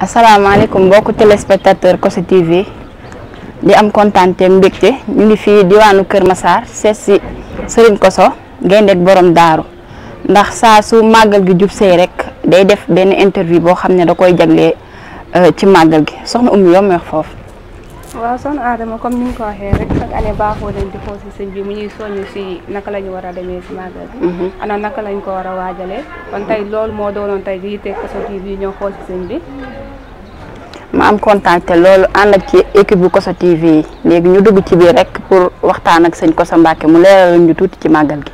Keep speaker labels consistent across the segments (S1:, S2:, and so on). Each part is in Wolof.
S1: asalaamaaleykum mbokki téléspectateur Kossy TV di am kontaan te mbégte ñu ngi fii diwaanu Kër Massar seet si Serigne Kosso gayndeek borom daaru ndax saa su màggal gi jub see rek day def benn interview boo xam ne da koy jagle euh, ci màggal gi soxna Oumy yow foofu.
S2: waaw son aadama comme ni ñu ko waxee rek chaque année baaxoo leen di xool si sëñ bi mu ñuy soññ si naka la ñu war a demee si màggal bi mhm. ana naka lañ ko war a waajale kon tey loolu moo doonoon tey yitte Kosso TV ñoo xool si sëñ bi
S1: ma am kontaan te loolu ànd ak ci équipe bu Kosso TV léegi ñu dugg ci
S3: biir rek pour waxtaan ak sëñ Kosso Mbacke mu leeral ñu tuuti ci màggal gi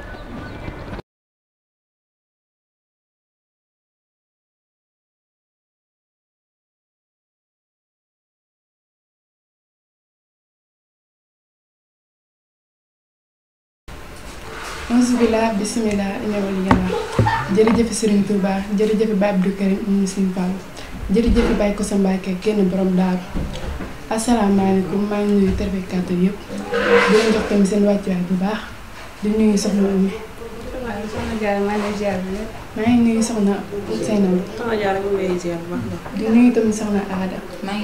S4: ansibila bisimila
S5: ñëwal yàlla jërëjëf Serigne Touba jërëjëf Baye Abdou Karim ñu Serigne Fall jërëjëf kenn borom daaru asalaamaaleykum maa ngi nuyu téléspectateurs yëpp di leen jox tamit bu baax di nuyu soxna Ami. waaw soxna Diarra maa ngi lay ziar Aada. maa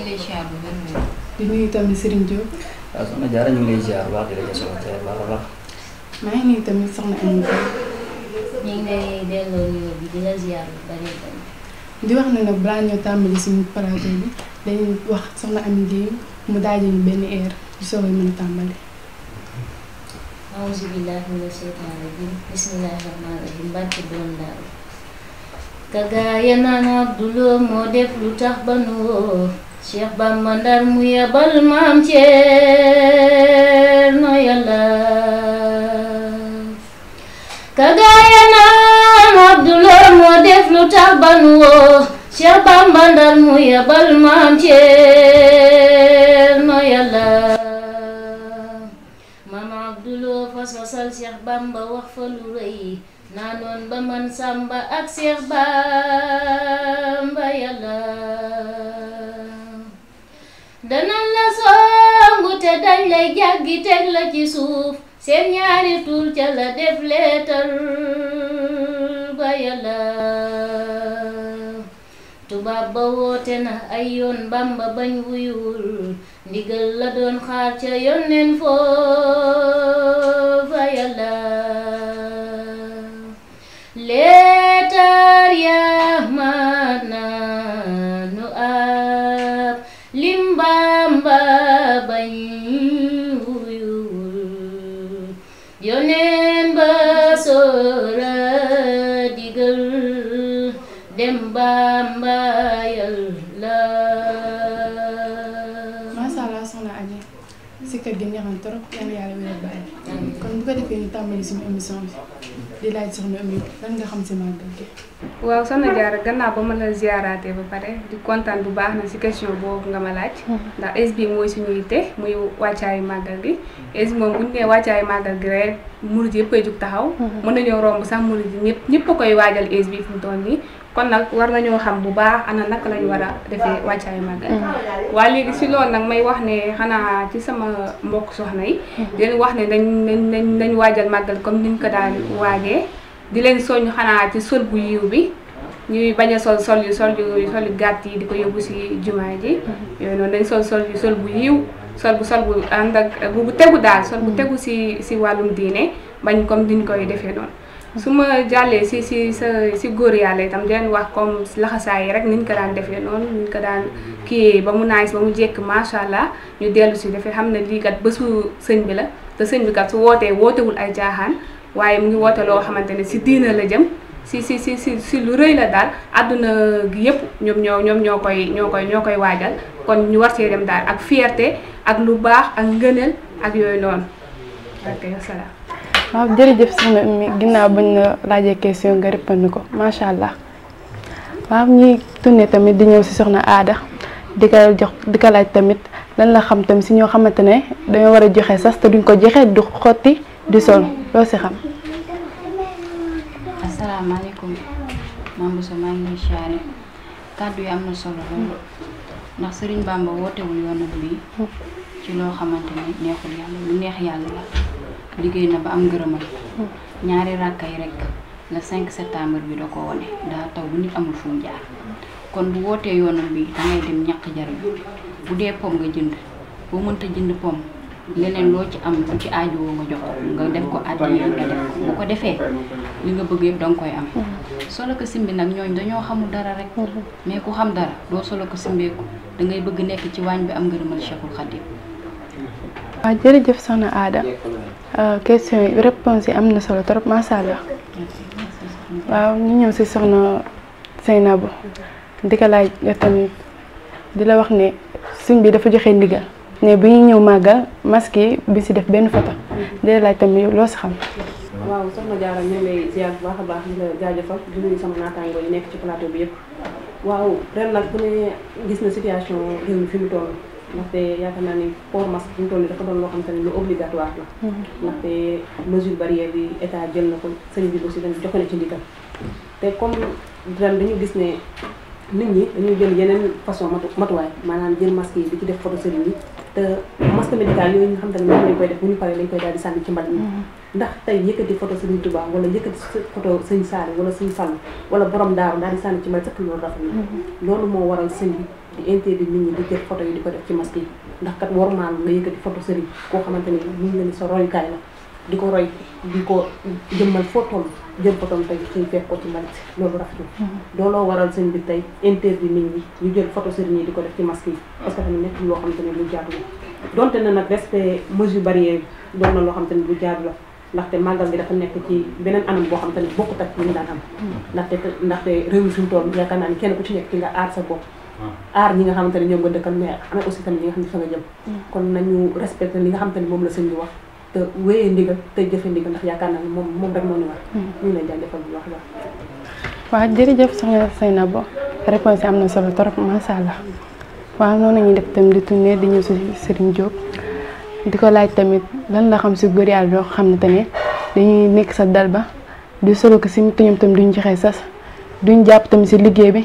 S5: ngi tamit Serigne Diop. maa nah, ini nii tamit soxna Amie Faye. ñu ngi lay delloo nuyoo bi di la ziar bari bari. di wax ne nag balaa ñoo tàmbali suñu air di soog a mën a tàmbali.
S3: auzu billahi mina shaytani rajim bismillahi rahmani rahim barke doon daal. kagaaya naanaat du ba ka gaaya Abdullah moo def lu tax ban woo Cheikh Bamba Ndar mu yebal Abdullah fa sosal Bamba wax fa lu Samba ak Cheikh Bamba Yala Danan la songu te dañ lay jàggi teg la ci seen ñaari tur ca la def leetar ba yàlla tubaab ba woote na ay yoon bamba bañ wuyul ndigal la doon xaar ca yónneen foofa yàlla
S5: si kër gi neexoon trop yàlla yàlla wéyal bàyyi. kon bu ko defee ñu tàmbali suñu émission bi di laaj soxna Oumy nga xam si màggal gi.
S2: waaw soxna Diarra gannaaw ba ma la ziaraatee ba pare di kontaan bu baax na si question boobu nga ma laaj. Mm-hmm. ndax es mooy suñu yitte muy wàccaayu màggal gi. es moom bu ñu nee wàccaayu màggal gi rek murid yëpp a jug taxaw. Mm-hmm. mën nañoo romb sax murid yi ñëpp ñëpp koy waajal es bi ton mu nii. kon nag war nañoo xam bu baax ana naka lañu war a defee wàccaayu màggal waa léegi si loolu nag may wax ne xanaa ci sama mbokk soxna yi mhm. di leen wax ne nañ nañ nañ waajal màggal comme niñ ko daan waajee di leen soññ xanaa ci sol bu yiw bi ñuy bañ a sol sol yu sol yu sol gàtt yi di ko yóbbu si jumaa ji mhm. yooyu noonu dañ sol sol yu sol bu yiw sol bu sol bu ànd ak bu tegu daal sol bu mhm. tegu si si wàllum diine bañ comme niñ koy defee noonu su ma jàllee si si sa si góor yàlla itam di leen wax comme laxasaay yi rek niñ ko daan defee noonu niñ ko daan kii ba mu naaj ba mu jekk macha allah ñu dellu si dafay xam ne lii kat su sëñ bi la te sëñ bi kat su wootee wootewul ay jaaxaan waaye mu ngi woote loo xamante ne si diina la jëm si si si lu rëy la daal àdduna gi yëpp ñoom ñoo ñoom ñoo koy ñoo koy ñoo koy waajal kon ñu war see dem daal ak fierté ak lu baax ak ngëneel ak yooyu noonu.
S5: waaw jërëjëf sana mi ginnaaw bañ la laajee question nga répondre ko macha allah waaw ñuy tourné tamit di ñëw si soxna aada di ko jox di ko laaj tamit lan la xam tamit si ñoo xamante ne dañoo war a joxe sas te duñ ko joxe du xotti du sol loo si xam.
S1: asalaamaaleykum maam Boussa maa ngi siyaare kàddu yi am na solo loolu ndax Serigne Bamba wootewul yoonam bi mm. ci loo xamante ne neexul yàlla lu neex yàlla la. liggéey na ba am ngërëmal ñaari ràkka yi rek le cinq septembre bi da ko wone daa taw bu nit amul fu mu jaar kon bu wootee yoonam bi dangay dem ñaq jariñu bu dee pom nga jënd boo mënta jënd pom leneen loo ci am lu ci aajowoo nga jox nga dem ko addiya ko defee li nga bëgg yëpp danga koy am solo ko simbi nag ñooñ dañoo xamul dara rek mais ku xam dara doo solo ko simbeeku da ngay bëgg nekk ci waañ bi am ngërëmal Cheikhul Khadim
S5: waaw jërëjëf soxna Aada Ah, question yi réponse yi am na solo trop macha allah waaw ñu ñëw si soxna Seynabou di ko laaj tamit di la wax ne suñ bi dafa joxe ndigal ne bu ñuy ñëw màggal masque bi si def benn photo di la laaj tamit loo si xam.
S6: waaw soxna Diarra ñu lay ziar baax a baax di la jaajëfal di nuyu sama naataango yi nekk ci plateau bi yëpp waaw ren nag ku ne gis na situation réew fi mu toll. ndaxte yaakaar naa ni port masque fi ñu toll dafa doon loo xam te ne lu obligatoire la hmm. ndaxte mesure barrière bi état jël na ko sëñ bi aussi dañ joxe na ci ndigal te comme ren dañu gis ne nit ñi dañuy jël yeneen façon matu matuwaay maanaam jël masque yi li ci def photo sëriñ yi te masque médical yi nga xam te ne moom lañ koy def bu ñu paree lañ koy daal di sànni ci mbal mi hmm. ndax tey yëkkati photo sëriñ Tuubaa wala yëkkati photo sëñ Saali wala sëñ Fall wala borom daaru daal di sànni ci mbal sax loolu rafet na hmm. loolu moo waral sëñ bi di interdit nit ñi di jël photo yi di ko def ci masque yi ndax kat warmaal nga yëkkati photo sëriñ koo xamante ni mën na ni sa royukaay la di ko roy di ko jëmmal photom jël photom tey suñ fekk ko ci mbalit loolu rafetul mhm. dooloo waral sëñ bi tey interdit nit ñi ñu jël photo sëriñ yi di ko def ci masque yi parce que tamit nekk loo xamante ne lu jaadu la donte na nag respect mesure barrière doon na loo xamante ne lu jaadu la ndaxte màggal dafa nekk ci beneen anam boo xam te ne bokkut ak ñu daan am mhm. ndaxte ndaxte réew suñu tool yaakaar naa ni kenn ku ci nekk ci nga aar sa bopp aar ah, ñi nga xamante ne ñoom nga dëkkal mais amee aussi tamit ñi nga xam ne fa nga jëm hmm. kon nañu respecté li nga xamante ne moom la sëñ bi wax te wéyee ndigal te jëfe ndigal ndax yaakaar naa ne moom moom rek moo ñu wax. Hmm. ñu lay jaajëfal bu wax wax
S5: waaw jërëjëf soxna Seyna Bo réponse am na solo trop macha allah waaw noonu lañuy def tam di tourné di ñëw si Serigne Diop di ko laaj tamit lan la xam si góor yàlla yoo xam ne tamit dañuy nekk sa dal ba di solo ko si ñoom tam duñ joxe sas duñ jàpp tam si liggéey bi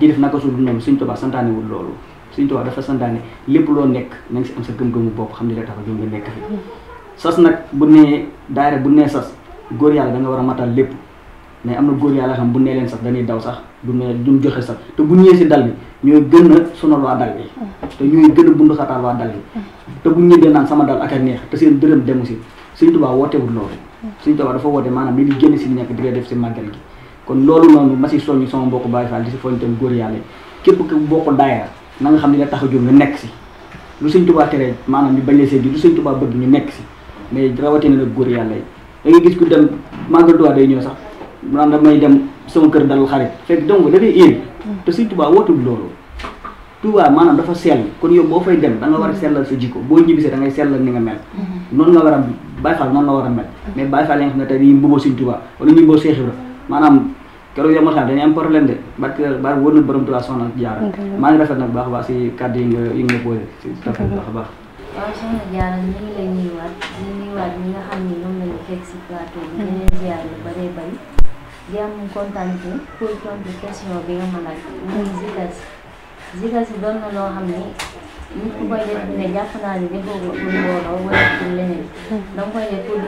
S4: di def naka suñu noonu Sëñ Tuubaa santaane wul loolu Sëñ Tuubaa dafa santaane lépp loo nekk na nga si am xam ne la dafa gëm nga nekk fi sas nag bu nee bu nee sas góor yàlla da nga war a matal lépp mais am na góor yàlla xam bu nee leen sax dañuy daw sax du ne duñ joxe sax te bu ñëwee si dal bi ñooy gën a sonal waa dal bi te ñooy gën a bu ñëwee naan sama dal a neex te seen dërëm demu si Sëñ Tuubaa wootewul loolu Sëñ Tuubaa dafa woote maanaam li di génn si nekk di def si màggal gi kon loolu noonu ma si soññi sama mbokku Baye Fall di si foñitam góor yàlla képp ku bokk daayira na xam ne la tax a jóg nga nekk si lu sëñ Tuubaa tere maanaam ñu bañ la seet lu sëñ Tuubaa bëgg ñu nekk si mais rawatina nag góor yàlla yi da ngay gis ku dem màggal Tuubaa day ñëw sax naan damay dem sama kër dalal xarit fekk donc dafay éeri te sëñ Tuubaa wootul loolu Tuubaa maanaam dafa seel kon yow boo fay dem da nga war a sellal sa jikko boo ñibbisee da ngay sellal ni nga mel mhm. noonu nga war a Baye Fall noonu la war a mel mais Baye Fall yi nga xam ne tey yi mbuboo sëñ Tuubaa wala keroog yow Matar dañuy am problème de parce que baal wóor na borom Tuubaa soxna Jaara. maa ngi rafet nag baax a baax si kàddu yi nga yi nga posé. si rafet baax a baax.
S3: waaw soxna Jaara ñu ngi lay nuyuwaat di nuyuwaat ñi nga xam ni ñoom la ñu fekk si plateau bi. ñu mm-hmm. leen ziar lu bëree bëri. di kontaan ci pour tontu question bi nga ma laaj. muy mm-hmm. Zika si Zika si doon na loo xam ni. nit ku koy def ne jàpp naa ne defoo ko pour mbooloo wala da nga koy nga toog di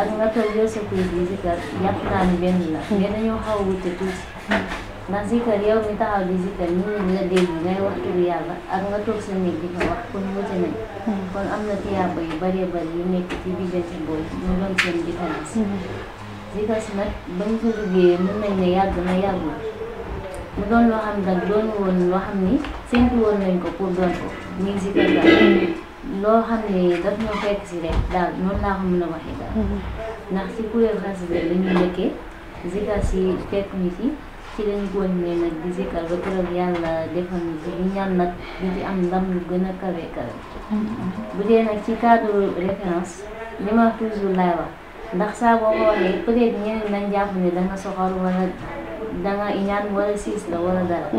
S3: ak nga toog jël sa kuy di si kar jàpp naa ne benn la mais dañoo xaw a wute taxaw di si kër nit ñi ngay wax turu ak nga toog sa néeg di ko wax kon wute nañ kon am na tiyaaba yu bëree bëri yu nekk ci diggante boobu mu doon seen différence si kër si nag ba ñu ko liggéeyee mën nañ ne yàgg na yàggul mu doon loo xam nag doon woon loo xam ni séntu woon nañ ko pour doon ko ñu ngi si loo xam ne daf ñoo fekk si rek daal noonu laa ko a waxee daal mhm. ndax si kuréel ci lañu góoñ ne nag di yàlla defal ñu si ñu ñaan am ndam lu gën a kawe kawe mhm. ci cadre référence li ma wax ndax saa boo ko waxee peut-être ñeneen nañ jàpp ne da nga soxor wala danga inyan wala sis la wala dala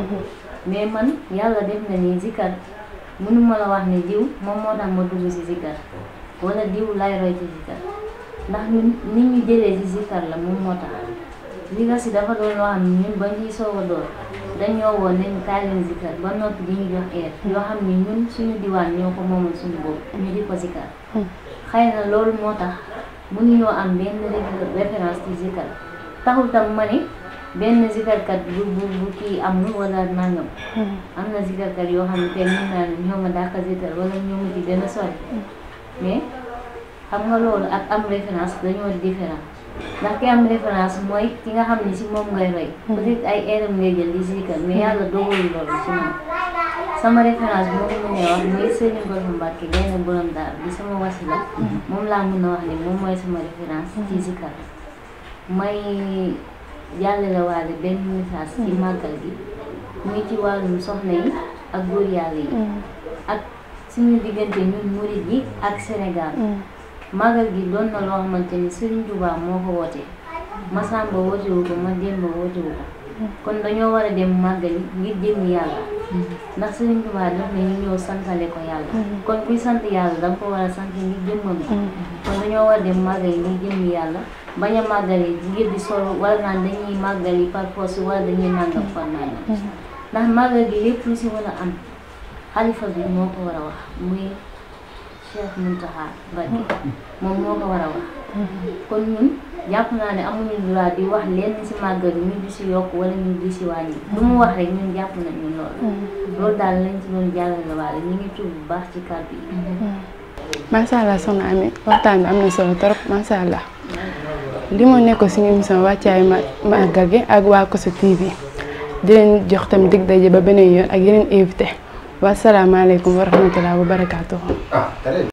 S3: meman man yàlla na ni zikar munu mala wax ni diw moom moo tax ma dugg si zikar wala diw lay roy ci zikar ndax ñun ni ñu jëlee si zikar la moom moo tax zikar si dafa doon loo xam ne ñun ba ñuy soog a door dañoo woon nañ zikar ba noppi di ñu jox ni yoo xam ne ñun suñu diwaan ñoo ko suñu bopp ñu di ko zikar xëy na loolu moo tax mënuñoo am benn référence ci zikar taxul tam ma benn zikarkat bu bu bu kii amul wala nangam. Hmm. am na zikarkat yoo xam ne tey mën naa ne ñoo ma dàq zikar wala ñoo ma ci gën a sori. Hmm. mais xam nga loolu am référence dañoo di ndax ki am référence mooy ki nga xam ne si moom ngay roy. Hmm. peut-être ay erreur ngay jël di zikar mais yàlla dogalu loolu si moom. sama référence moom mu ne wax mooy sama wasila. moom laa mën a wax moom mooy sama référence. ci jàllale waale benn message ci mm-hmm. màggal gi muy ci wàllum soxna yi ak góor yàlla yi mm-hmm. ak suñu diggante ñun murit yi ak Sénégal mm-hmm. màggal gi doon na loo xamante ni Serigne Touba moo ko woote Masamba wootewu ko Mademba wootewu ko kon dañoo war a dem màggali ngir jëm yàlla ndax Serigne Touba daf ne ñëw santale ko yàlla kon kuy sant yàlla danga ko war a sant ngir jëmmam dañoo war dem màggal yi ngir yàlla bañ a màggal yi ngir di sol wala naan dañuy màggal yi par force wala dañuy nàngam par mm-hmm. ndax màggal gi lépp si war a am xalifa bi moo ko war a wax muy Cheikh Mountakha Mbacké moom moo ko war a wax mm-hmm. kon ñun jàpp naa ne amuñu droit di wax lenn si màggal ñu di si yokk wala ñu di si wàññi lu mu wax rek ñun jàpp nañu loolu mm-hmm. loolu daal lañ si doon jàllale waale ñu ngi tudd bu baax ci kàddu yi
S5: macha allah soxna Ami waxtaan bi am na solo trop macha allah li moo nekk suñu émission wàccaay màggal gi ak waa Kossy TV di leen jox tam dig daje ba beneen yoon ak yeneen invité wasalaamaaleykum wa rahmatulah wa barakaatuhu.
S3: Ah,